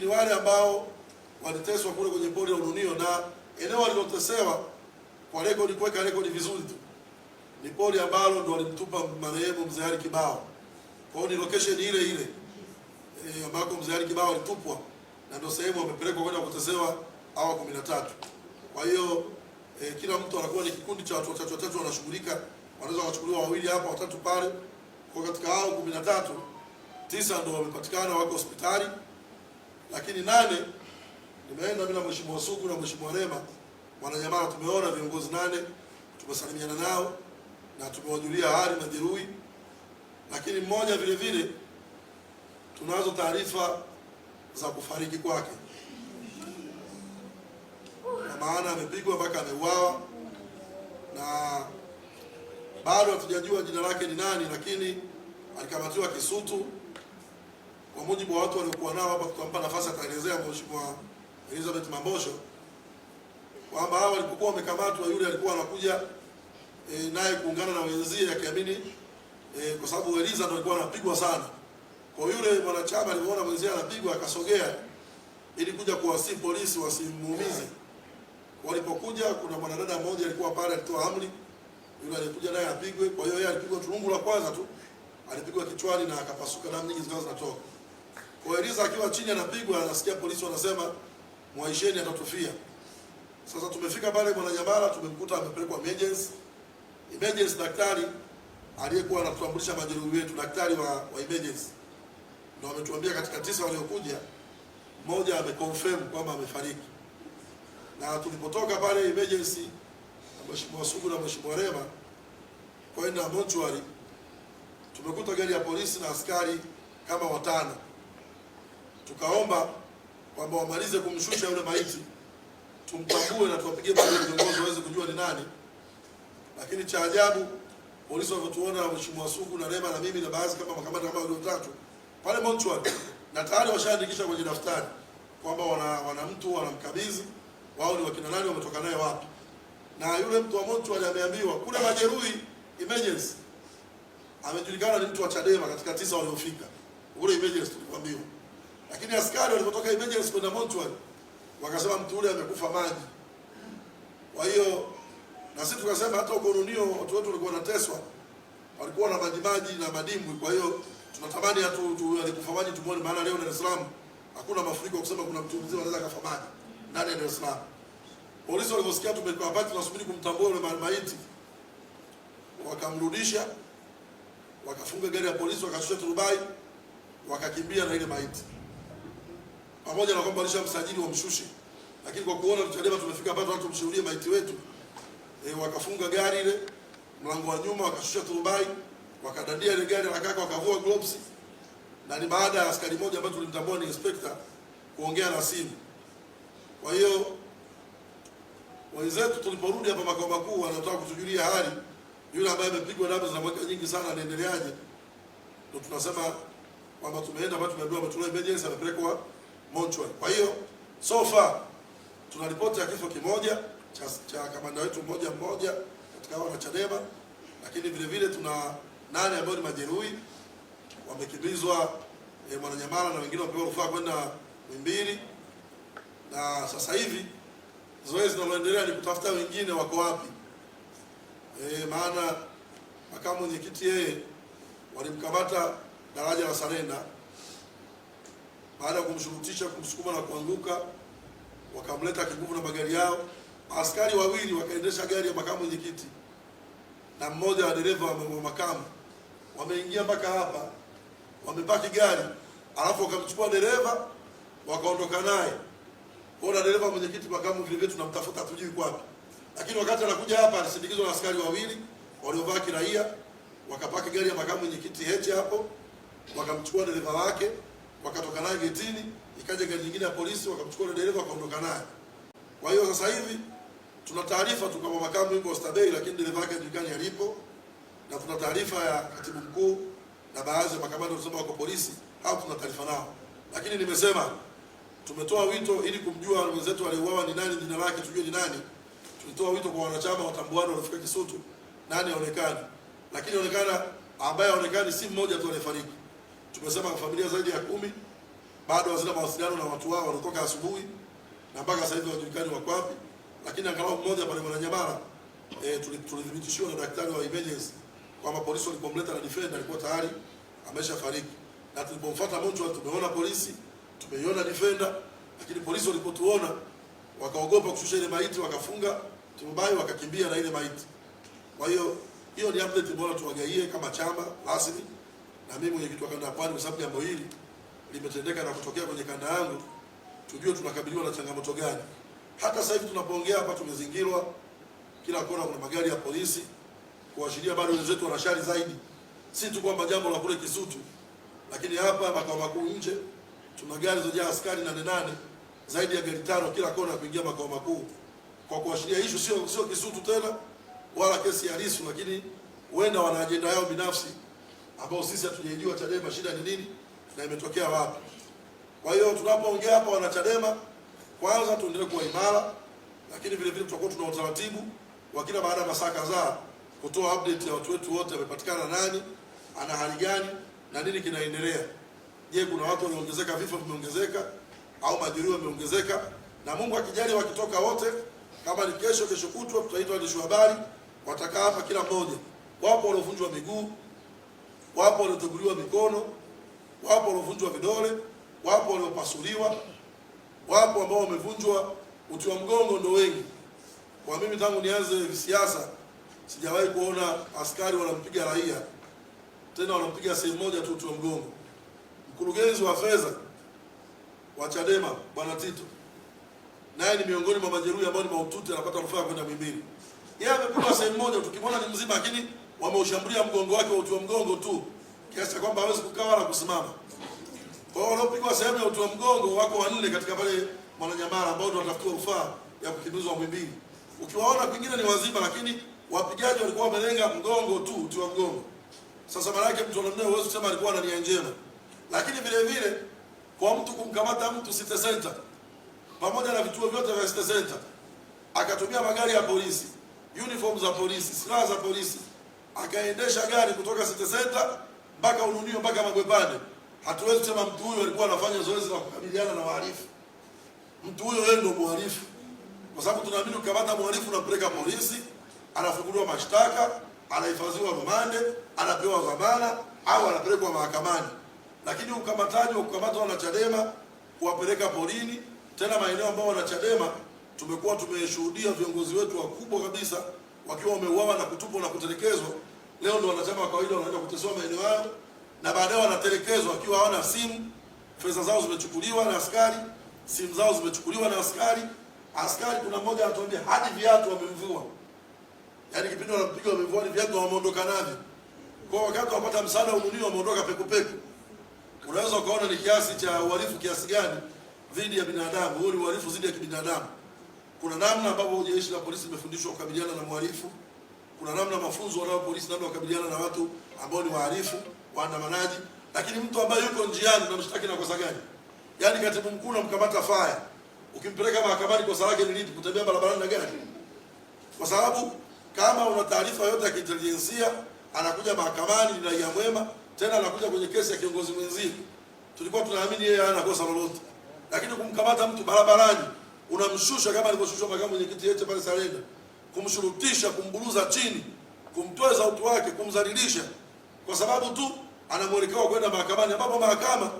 ni wale ambao waliteswa kule kwenye pori la Ununio, na eneo walilotesewa kwa rekodi, kuweka rekodi vizuri tu, ni pori ambalo ndo walimtupa marehemu mzee Ali Kibao. Kwa hiyo ni location ile ile e, ambako mzee Ali Kibao alitupwa na ndo sehemu wamepelekwa kwenda kutesewa hawa kumi na tatu. Kwa hiyo e, kila mtu anakuwa ni kikundi cha watu watatu watatu, wanashughulika, wanaweza wakachukuliwa wawili hapa watatu pale. Kwa katika hao kumi na tatu, tisa ndo wamepatikana wako hospitali. Lakini nane nimeenda mimi na mheshimiwa Suku na mheshimiwa Rema, Mwananyamala, tumeona viongozi nane, tumesalimiana nao na tumewajulia hali majeruhi. Lakini mmoja vile vile tunazo taarifa za kufariki kwake, kwa maana amepigwa mpaka ameuawa, na bado hatujajua jina lake ni nani, lakini alikamatiwa Kisutu kwa mujibu wa watu waliokuwa nao hapa, tukampa nafasi akaelezea Mheshimiwa Elizabeth Mambosho kwamba hao walipokuwa wamekamatwa, yule alikuwa anakuja e, naye kuungana na wenzie akiamini e, kwa sababu Eliza ndo alikuwa anapigwa sana. Kwa yule mwanachama alipoona mwenzie anapigwa, akasogea ili kuja kuwasii polisi wasimuumize. Walipokuja, kuna mwanadada mmoja alikuwa pale, alitoa amri yule alikuja naye apigwe. Kwa hiyo yeye alipigwa tulungu la kwanza tu, alipigwa kichwani na akapasuka, damu nyingi zikawa zinatoka. Kwa Eliza akiwa chini anapigwa, anasikia polisi wanasema mwaisheni, atatufia. Sasa tumefika pale Mwananyamala, tumemkuta amepelekwa emergency. Emergency daktari aliyekuwa anatutambulisha majeruhi wetu, daktari wa, wa emergency ndio ametuambia katika tisa waliokuja mmoja ameconfirm kwamba amefariki, na tulipotoka pale emergency na mheshimiwa Sugu na mheshimiwa Rema kwenda mortuary, tumekuta gari ya polisi na askari kama watano tukaomba kwamba wamalize kumshusha yule maiti, tumtambue na tuwapigie viongozi waweze kujua ni nani. Lakini cha ajabu polisi walivyotuona, mheshimiwa Suku na Rema na mimi na baadhi kama makamanda kama walio tatu pale mochwari, na tayari washaandikisha kwenye daftari kwamba wana, wana mtu wanamkabidhi wao ni wakina nani, wametoka naye wapi, na yule mtu wa mochwari ameambiwa kule majeruhi emergency amejulikana ni mtu wa Chadema katika tisa waliofika kule emergency tulikwambiwa lakini askari walipotoka emergency kwenda mortuary wakasema mtu ule amekufa maji. Kwa hiyo na sisi tukasema hata ukorunio watu wetu walikuwa wanateswa, walikuwa na maji maji na madimbwi. Kwa hiyo tunatamani hatu tu, alikufa maji tumuone, maana leo Dar es Salaam hakuna mafuriko kusema kuna mtu mzima anaweza kufa maji ndani ya Dar es Salaam. Polisi waliposikia tumekuwa hapa tunasubiri kumtambua yule maiti, wakamrudisha wakafunga gari ya polisi, wakashusha turubai, wakakimbia na ile maiti pamoja na kwamba alisha msajili wa wamshushe, lakini kwa kuona Chadema tumefika hapa watu tumshuhudie maiti wetu e, wakafunga gari ile mlango wa nyuma, wakashusha turubai, wakadadia ile gari la kaka, wakavua gloves, na ni baada ya askari mmoja ambaye tulimtambua ni inspector kuongea na simu. Kwa hiyo wenzetu tuliporudi hapa makao makuu, wanataka kutujulia hali, yule ambaye amepigwa damu za mwaka nyingi sana, anaendeleaje? Ndio tunasema kwamba tumeenda hapa, tumeambiwa ametolewa emergency, amepelekwa Mochwari. Kwa hiyo so far tuna ripoti ya kifo kimoja cha, cha kamanda wetu mmoja mmoja katika hao chadema lakini vile vile tuna nane ambao ni majeruhi wamekimbizwa e, Mwananyamala na wengine wamepewa rufaa kwenda Mwimbili, na sasa hivi zoezi linaloendelea ni kutafuta wengine wako wapi. E, maana makamu mwenyekiti yeye walimkamata daraja la Sarenda baada ya kumshurutisha, kumsukuma na kuanguka, wakamleta kinguvu na magari yao. Askari wawili wakaendesha gari ya makamu mwenyekiti na mmoja wa dereva wa makamu, wameingia mpaka hapa, wamepaki gari, alafu wakamchukua dereva wakaondoka naye. Ona dereva mwenyekiti, makamu vile vile tunamtafuta, tujui kwapi, lakini wakati anakuja hapa alisindikizwa na askari wawili waliovaa kiraia, wakapaki gari ya makamu mwenyekiti Heche hapo, wakamchukua dereva wake wakatoka naye getini, ikaja gari nyingine ya polisi wakamchukua yule dereva wakaondoka naye. Kwa hiyo sasa hivi tuna taarifa tu kwamba makamu yuko Oysterbay, lakini dereva yake hajulikani alipo, na tuna taarifa ya katibu mkuu na baadhi ya makamanda wanasema wako polisi, hapo tuna taarifa nao, lakini nimesema tumetoa wito ili kumjua mwenzetu waliouawa ni nani, jina lake tujue ni nani. Tulitoa wito kwa wanachama watambuane, walifika Kisutu nani aonekane, lakini aonekana ambaye aonekani si mmoja tu aliyefariki tumesema familia zaidi ya kumi bado hazina mawasiliano na watu wao walitoka asubuhi na mpaka sasa hivi hawajulikani wako wapi, lakini angalau mmoja pale Mwananyamala e, tulithibitishiwa na daktari wa emergency kwamba polisi walipomleta na defender alikuwa tayari ameshafariki, na tulipomfuata mtu tumeona polisi, tumeiona defender, lakini polisi walipotuona wakaogopa kushusha ile maiti, wakafunga turubai, wakakimbia na ile maiti. Kwa hiyo hiyo ni update bora tuwagaie kama chama rasmi na mimi mwenyekiti wa kanda ya Pwani, kwa sababu jambo hili limetendeka na kutokea kwenye kanda yangu, tujue tunakabiliwa na changamoto gani. Hata sasa hivi tunapoongea hapa, tumezingirwa kila kona, kuna magari ya polisi kuashiria bado wenzetu wanashari zaidi, si tu kwamba jambo la kule Kisutu, lakini hapa makao makuu nje tuna gari zojaa askari nane nane zaidi ya gari tano kila kona kuingia makao makuu, kwa kuashiria ishu sio sio Kisutu tena wala kesi ya Lissu, lakini huenda wana ajenda yao binafsi ambao sisi hatujaijua Chadema shida ni nini na imetokea wapi. Kwa hiyo tunapoongea hapa wana Chadema, kwanza tuendelee kuwa imara, lakini vile vile tutakuwa tuna utaratibu wa kila baada ya masaa kadhaa kutoa update ya watu wetu wote, wamepatikana nani, ana hali gani na nini kinaendelea. Je, kuna watu walioongezeka, vifo vimeongezeka au majeruhi wameongezeka? Na Mungu akijali, wakitoka wote, kama ni kesho, kesho kutwa, tutaita waandishi wa habari, watakaa hapa kila mmoja. Wapo waliovunjwa miguu wapo walioteguliwa mikono, wapo waliovunjwa vidole, wapo waliopasuliwa, wapo ambao wamevunjwa uti wa mgongo, ndo wengi. Kwa mimi tangu nianze siasa sijawahi kuona askari wanampiga raia, tena wanampiga sehemu moja tu uti wa mgongo. Mkurugenzi wa fedha wa Chadema Bwana Tito naye ni miongoni mwa majeruhi ambao ni mahututi, anapata rufaa kwenda Muhimbili. Yeye amepigwa sehemu moja, tukimwona ni mzima lakini wameushambulia mgongo wake wa uti wa mgongo tu kiasi cha kwamba hawezi kukaa wala kusimama. Kwa hiyo waliopigwa sehemu ya uti wa mgongo wako wanne katika pale Mwananyamala ambao ndio watafutiwa rufaa ya kukimbizwa Mwimbili. Ukiwaona kwingine ni wazima, lakini wapigaji walikuwa wamelenga mgongo tu, uti wa mgongo. Sasa mara yake mtu anamnaye huwezi kusema alikuwa na nia njema. Lakini vile vile kwa mtu kumkamata mtu City Center pamoja na vituo vyote vya City Center akatumia magari ya polisi, uniform za polisi, silaha za polisi akaendesha gari kutoka City Center mpaka Ununio mpaka Magwepane. Hatuwezi kusema mtu huyo alikuwa anafanya zoezi la kukabiliana na wahalifu. Mtu huyo yeye ndio mhalifu, kwa sababu tunaamini ukikamata mhalifu unampeleka polisi, anafunguliwa mashtaka, anahifadhiwa rumande, anapewa dhamana au anapelekwa mahakamani. Lakini ukamataji wa kukamata wanachadema kuwapeleka porini, tena maeneo ambayo wanachadema, tumekuwa tumeshuhudia viongozi wetu wakubwa kabisa wakiwa wameuawa na kutupwa na kutelekezwa, leo ndio wanachama wa kawaida wanaenda kutesoa maeneo yao, na baadaye wanatelekezwa wakiwa hawana simu, fedha zao zimechukuliwa na askari, simu zao zimechukuliwa na askari. Askari kuna mmoja anatuambia hadi viatu wamemvua, yaani kipindi wanapiga wamemvua ni viatu, wameondoka navyo kwa wakati wapata msaada ununio, wameondoka peku peku. Unaweza ukaona ni kiasi cha uhalifu kiasi gani dhidi ya binadamu. Huu ni uhalifu dhidi ya kibinadamu. Kuna namna ambapo jeshi la polisi limefundishwa kukabiliana na mhalifu, kuna namna mafunzo wanao polisi namna wakabiliana na watu ambao ni wahalifu, waandamanaji. Lakini mtu ambaye yuko njiani na mshtaki na kosa gani? Yaani katibu mkuu unamkamata faya, ukimpeleka mahakamani kosa lake ni lipi? Kutembea barabarani na gari? Kwa sababu kama una taarifa yote ya kiintelijensia, anakuja mahakamani ni raia mwema, tena anakuja kwenye kesi ya kiongozi mwenzio, Tulikuwa tunaamini yeye hana kosa lolote, lakini kumkamata mtu barabarani unamshusha kama alivyoshushwa makamu mwenyekiti yetu pale Salenda, kumshurutisha, kumburuza chini, kumtweza utu wake, kumdhalilisha kwa sababu tu anamwelekewa kwenda mahakamani, ambapo mahakama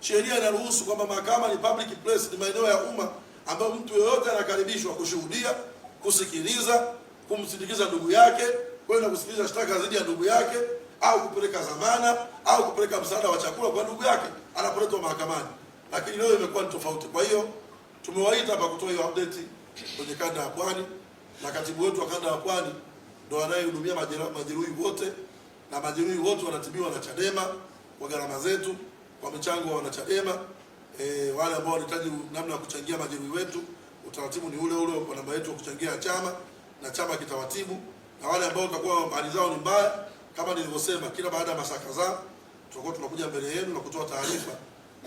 sheria inaruhusu kwamba mahakama ni public place, ni maeneo ya umma ambayo mtu yeyote anakaribishwa kushuhudia, kusikiliza, kumsindikiza ndugu yake, kwenda kusikiliza shtaka dhidi ya ndugu yake au kupeleka dhamana au kupeleka msaada wa chakula kwa ndugu yake, anapoletwa mahakamani. Lakini leo imekuwa ni tofauti, kwa hiyo tumewaita hapa kutoa hiyo update kwenye kanda ya Pwani, na katibu wetu wa kanda ya Pwani ndo anayehudumia majeruhi wote, na majeruhi wote wanatibiwa na Chadema kwa gharama zetu, kwa michango wa wanachadema. E, wale ambao wanahitaji namna ya kuchangia majeruhi wetu, utaratibu ni ule ule kwa namba yetu ya kuchangia chama na chama kitawatibu, na wale ambao watakuwa hali zao ni mbaya, kama nilivyosema, kila baada ya masaa kadhaa tutakuwa tunakuja mbele yenu na kutoa taarifa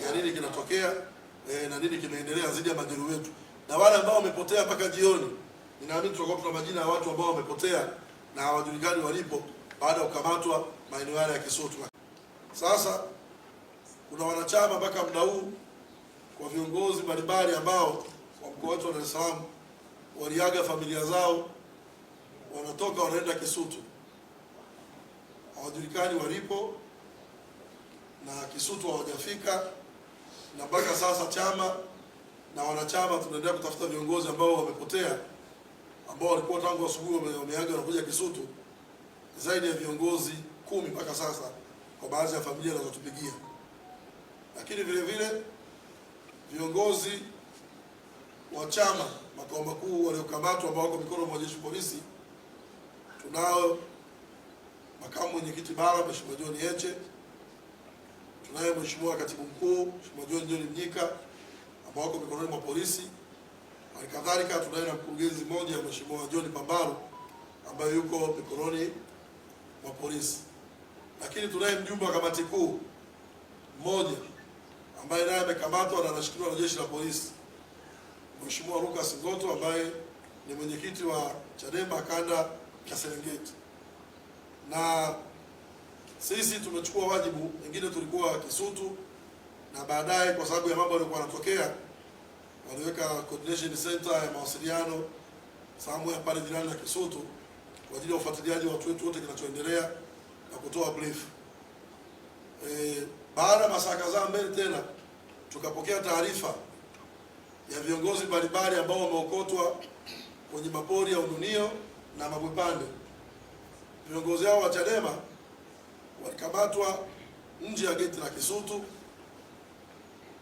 ya nini kinatokea eh, na nini kimeendelea zidi ya majeruhi wetu na wale ambao wamepotea mpaka jioni. Ninaamini tutakuwa tuna majina ya watu ambao wamepotea na hawajulikani walipo baada ya kukamatwa maeneo yale ya Kisutu. Sasa kuna wanachama mpaka muda huu kwa viongozi mbalimbali ambao wa mkoa wetu wa Dar es Salaam waliaga familia zao, wanatoka wanaenda Kisutu, hawajulikani walipo na Kisutu hawajafika na mpaka sasa chama na wanachama tunaendelea kutafuta viongozi ambao wamepotea, ambao walikuwa tangu asubuhi wameaga na kuja Kisutu, zaidi ya viongozi kumi mpaka sasa kwa baadhi ya familia zinazotupigia. Lakini vile vile viongozi wa chama makao makuu waliokamatwa ambao wako mikono mwa jeshi polisi, tunao makamu mwenyekiti bara Mheshimiwa John Heche tunaye Mheshimiwa Katibu Mkuu Mheshimiwa John John Mnyika ambao wako mikononi mwa polisi. Hali kadhalika tunaye na mkurugenzi mmoja Mheshimiwa John pambaro ambaye yuko mikononi mwa polisi, lakini tunaye mjumbe wa kamati kuu mmoja ambaye naye amekamatwa na anashikiliwa na jeshi la polisi, Mheshimiwa Lucas Ngoto ambaye ni mwenyekiti wa Chadema kanda ya Serengeti na sisi tumechukua wajibu, wengine tulikuwa Kisutu na baadaye kwa sababu ya mambo yaliokuwa yanatokea waliweka coordination center ya mawasiliano sehemu ya pale jirani na Kisutu kwa ajili ya ufuatiliaji wa watu wetu wote kinachoendelea na kutoa brief. E, baada ya masaa kadhaa mbele tena tukapokea taarifa ya viongozi mbalimbali ambao wameokotwa kwenye mapori ya Ununio na Mabwepande. Viongozi hao wa Chadema walikamatwa nje ya geti la Kisutu.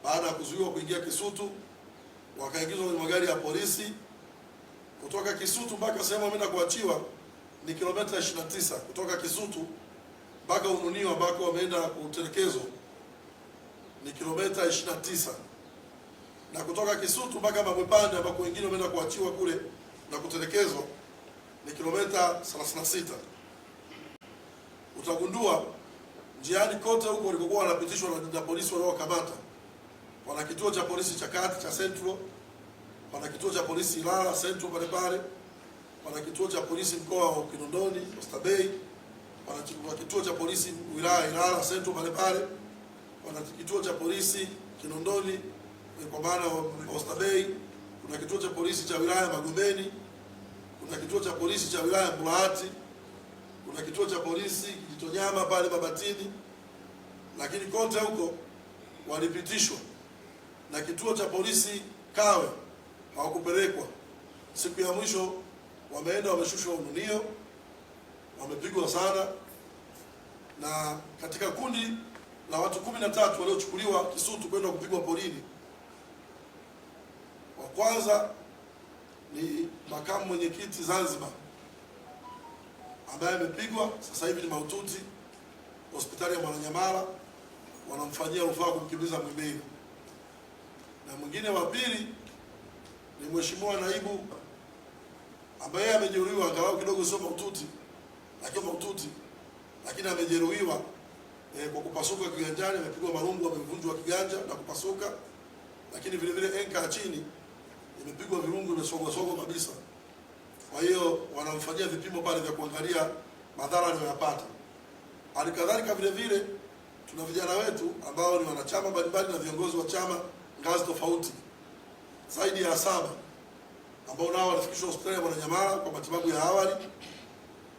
Baada ya kuzuiwa kuingia Kisutu, wakaingizwa kwenye magari ya polisi. Kutoka Kisutu mpaka sehemu wameenda kuachiwa ni kilomita 29 kutoka Kisutu mpaka ununio ambako wameenda kutelekezwa ni kilomita 29 na kutoka Kisutu mpaka Mabwepande ambako wengine wameenda kuachiwa kule na kutelekezwa ni kilomita 36 utagundua njiani kote huko walikokuwa wanapitishwa na polisi waliowakamata, wana kituo cha polisi cha kati cha Central, wana kituo cha polisi Ilala Central pale pale, wana kituo cha polisi mkoa wa Kinondoni Bay, wana kituo cha polisi wilaya Ilala Central pale pale, wana kituo cha polisi Kinondoni eh, kwa maana Bay, kuna kituo cha polisi cha wilaya Magomeni, kuna kituo cha polisi cha wilaya Mburahati kuna kituo cha polisi Kijitonyama pale babatini lakini kote huko walipitishwa na kituo cha polisi Kawe hawakupelekwa. Siku ya mwisho wameenda wameshushwa ununio, wamepigwa sana. Na katika kundi la watu kumi na tatu waliochukuliwa Kisutu kwenda kupigwa polini wa kwanza ni makamu mwenyekiti Zanzibar ambaye amepigwa sasa hivi ni mahututi hospitali ya Mwananyamala, wanamfanyia rufaa kumkimbiza Mwimbili. Na mwingine wa pili ni mheshimiwa naibu ambaye amejeruhiwa angalau kidogo, sio mahututi, lakini mahututi, lakini amejeruhiwa e, kwa kupasuka kiganjani, amepigwa marungu, amevunjwa kiganja na kupasuka, lakini vile vile enka chini imepigwa virungu, sogwa kabisa. Kwa hiyo wanamfanyia vipimo pale vya kuangalia madhara anayoyapata. Halikadhalika vile vile tuna vijana wetu ambao ni wanachama mbalimbali na viongozi wa chama ngazi tofauti zaidi ya saba ambao nao walifikishwa hospitali ya Mwananyamala kwa matibabu ya awali,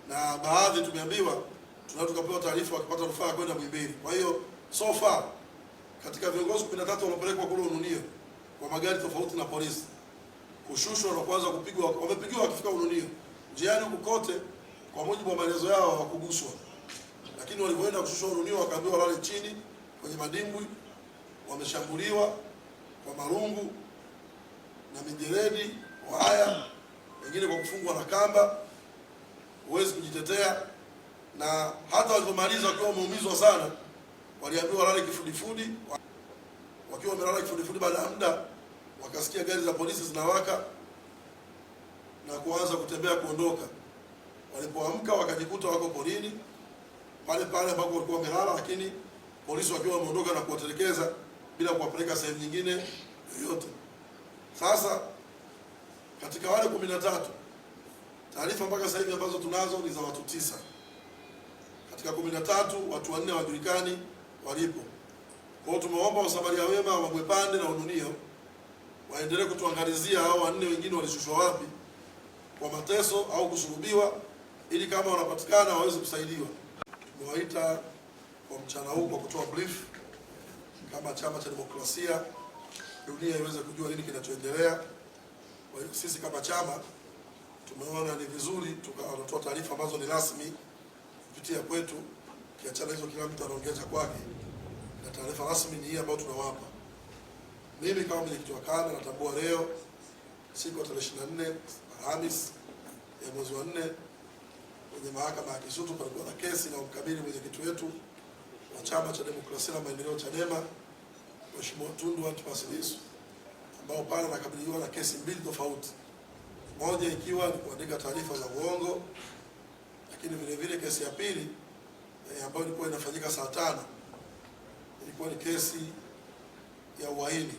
na baadhi tumeambiwa tunao tukapewa taarifa wakipata rufaa kwenda Muhimbili. Kwa hiyo so far katika viongozi 13 waliopelekwa kule Ununio kwa magari tofauti na polisi kushushwa na kuanza kupigwa. Wamepigiwa wakifika Ununio, njiani huku kote, kwa mujibu wa maelezo yao hawakuguswa, lakini walipoenda kushushwa Ununio wakaambiwa walale chini kwenye madimbwi, wameshambuliwa kwa marungu na mijeledi, waya, wengine kwa kufungwa na kamba, huwezi kujitetea. Na hata walipomaliza wakiwa wameumizwa sana, waliambiwa walale kifudifudi. Wakiwa wamelala kifudifudi, baada ya muda wakasikia gari za polisi zinawaka na kuanza kutembea kuondoka. Walipoamka wakajikuta wako porini pale pale ambapo walikuwa wamelala, lakini polisi wakiwa wameondoka na kuwatelekeza bila kuwapeleka sehemu nyingine yoyote. Sasa katika wale kumi na tatu, taarifa mpaka sasa hivi ambazo tunazo ni za watu tisa. Katika kumi na tatu watu wanne hawajulikani walipo. Kwa hiyo tumewaomba wasamaria wema wa Mwepande na Ununio waendelee kutuangalizia hao wanne wengine walishushwa wapi kwa mateso au kusulubiwa, ili kama wanapatikana waweze kusaidiwa. Tumewaita kwa mchana huu kwa kutoa brief kama chama cha demokrasia dunia iweze kujua nini kinachoendelea. Kwa hiyo sisi kama chama tumeona ni vizuri tukatoa taarifa ambazo ni rasmi kupitia kwetu, kiachana hizo kila mtu anaongea cha kwake, na taarifa rasmi ni hii ambayo tunawapa. Mimi kama mwenyekiti wa kanda natambua leo siku ya tarehe 24 Alhamis ya mwezi wa 4 kwenye mahakama ya Kisutu palikuwa na kesi na umkabili mwenyekiti wetu wa chama cha demokrasia na maendeleo Chadema, Mheshimiwa Tundu Antipas Lissu, ambao pale anakabiliwa na kesi mbili tofauti, moja ikiwa ni kuandika taarifa za uongo, lakini vile vile kesi ya pili eh, ambayo ilikuwa inafanyika saa tano ilikuwa ni kesi ya uhaini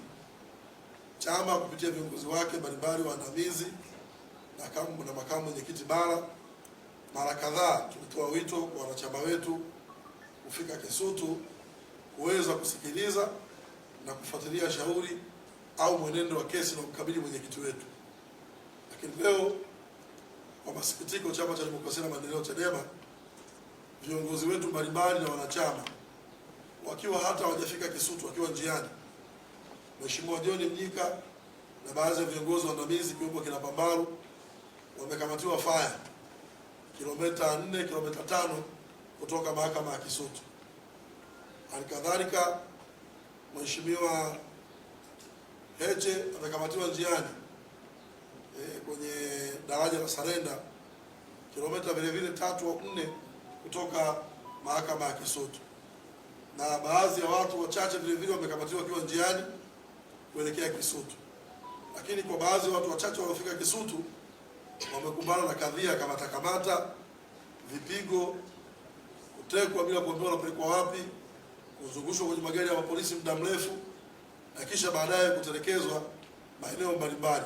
chama kupitia viongozi wake mbalimbali waandamizi na makamu mwenyekiti bara, mara kadhaa tulitoa wito kwa wanachama wetu kufika Kisutu kuweza kusikiliza na kufuatilia shauri au mwenendo wa kesi na kumkabili mwenyekiti wetu. Lakini leo kwa masikitiko, chama cha demokrasia na maendeleo CHADEMA, viongozi wetu mbalimbali na wanachama wakiwa hata hawajafika Kisutu, wakiwa njiani Mheshimiwa John Mnyika na baadhi ya viongozi waandamizi kiwepo kina Pambaru wamekamatiwa faya kilomita 4 kilomita tano kutoka mahakama ya Kisutu. Halikadhalika, Mheshimiwa Heche amekamatiwa njiani e, kwenye daraja la Sarenda kilomita vile vile tatu au nne kutoka mahakama ya Kisutu, na baadhi ya watu wachache vile vile wamekamatiwa wakiwa njiani kuelekea Kisutu, lakini kwa baadhi ya watu wachache waliofika Kisutu wamekumbana na kadhia kamatakamata, vipigo, kutekwa bila kuambiwa wanapelekwa wapi, kuzungushwa kwenye magari ya mapolisi muda mrefu na kisha baadaye kutelekezwa maeneo mbalimbali.